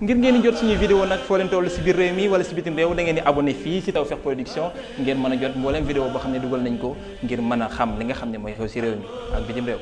ngir ngeen jot suñu vidéo nag foo leen toll si biir réew mi wala si bitim réew da ngeen di fii si Tawfekh Production ngeen mën a jot mbooleem vidéo boo xam ne dugal nañ ko ngir mën a xam li nga xam ne mooy xew si réew mi ak bitim réew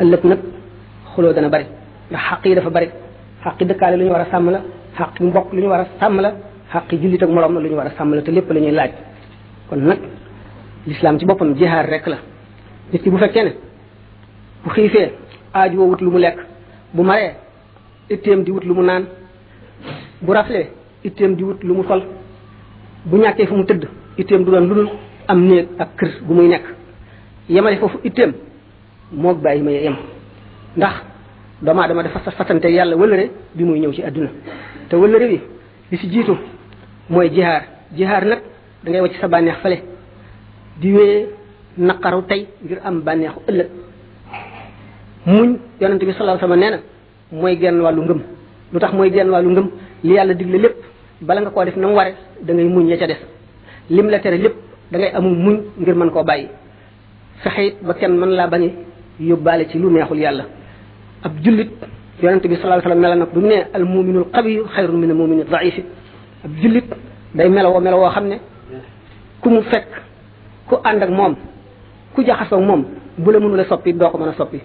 ëllëg nag xuloo dana bari ndax xaq yi dafa bari xaq yi dëkkaale lu ñu war a sàmm la xaq yi mbokk lu ñu war a sàmm la xaq yi jullit ak moroom la lu ñu war a sàmm la te lépp la ñuy laaj kon nag lislaam ci boppam jihaar rek la nit ki lu mu lekk bu maree itteem di wut lu mu naan bu raflee itteem di wut lu mu sol bu ñàkkee fu mu tëdd itteem du doon lu dul am néeg ak kër gu muy nekk yemale foofu itteem moog bàyyi ma yem ndax doomu aadama dafa fasante yàlla wëllëre bi muy ñëw ci àdduna te wëllëre bi li si jiitu mooy jihaar jihaar nag dangay ngay wàcc sa bànneex fale di wéyee naqaru tey ngir am bànneexu ëllëg muñ yonent bi sallallahu alayhi nee na mooy genn wàllu ngëm lu tax mooy genn wàllu ngëm li yàlla digle lépp bala nga koo def na mu ware muñ ya ca des lim la tere lépp dangay amul muñ ngir man koo bàyyi fexe ba kenn mën laa bañ yóbbaale ci lu neexul yàlla ab jullit yonente bi sallallahu alayhi wasallam mela nag bu mu ne al muminul ne xayrun min al mumini daifi ab jullit day melowoo melowoo xam ne ku mu fekk ku ànd ak moom ku jaxasoo moom bu la mënula soppi doo ko mën a soppi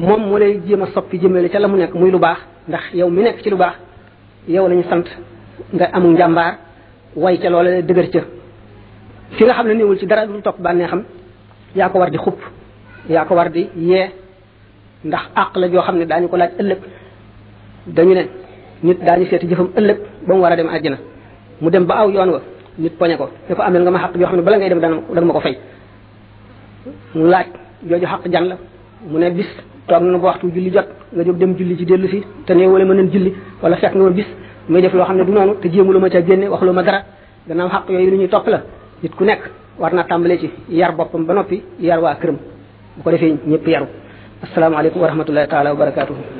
moom moo lay jéem a soppi jëmale ca la mu nekk muy lu baax ndax yow mi nekk ci lu baax yow lañu sant nga amul njàmbaar way ca loola dëgër ca fi nga xam ne néewul ci dara lu topp bànnee xam yaa ko war di xupp yaa ko war di yee ndax àq la joo xam ne daañu ko laaj ëllëg dañu ne nit daañu seeti jëfam ëllëg ba war a dem àjjana mu dem ba aw yoon wa nit poñe ko ne ko amel nga ma xaq yoo xam ne bala ngay dem dana ma ko fay mu laaj jooju xaq jan la mu ne bis toog na ba waxtu julli jot nga jóg dem julli ci dellu si te nee wala mën nañ julli wala fekk nga ma bis may def loo xam ne du noonu te jéemu lu ma ca génne waxlu ma dara gannaaw xaq yooyu lu ñuy topp la nit ku nekk war naa tàmbalee ci yar boppam ba noppi yar waa këram bu ko defee ñëpp yaru asalaamaaleykum wa rahmatullahi taala wa barakaatuhu